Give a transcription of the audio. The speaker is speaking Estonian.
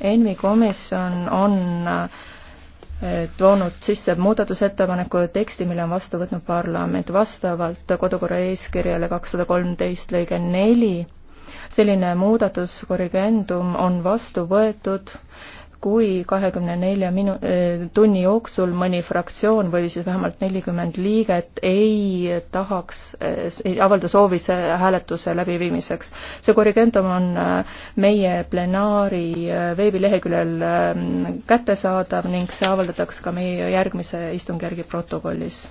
ENMi komisjon on äh, toonud sisse muudatusettepaneku teksti, mille on vastu võtnud parlament vastavalt kodukorra eeskirjale kakssada kolmteist lõige neli. selline muudatus, korrigendum, on vastu võetud kui kahekümne nelja minu-, eh, tunni jooksul mõni fraktsioon või siis vähemalt nelikümmend liiget ei tahaks, eh, ei avalda soovi see hääletuse läbiviimiseks. see korrigendum on eh, meie plenaari veebileheküljel kättesaadav ning see avaldatakse ka meie järgmise istungjärgi protokollis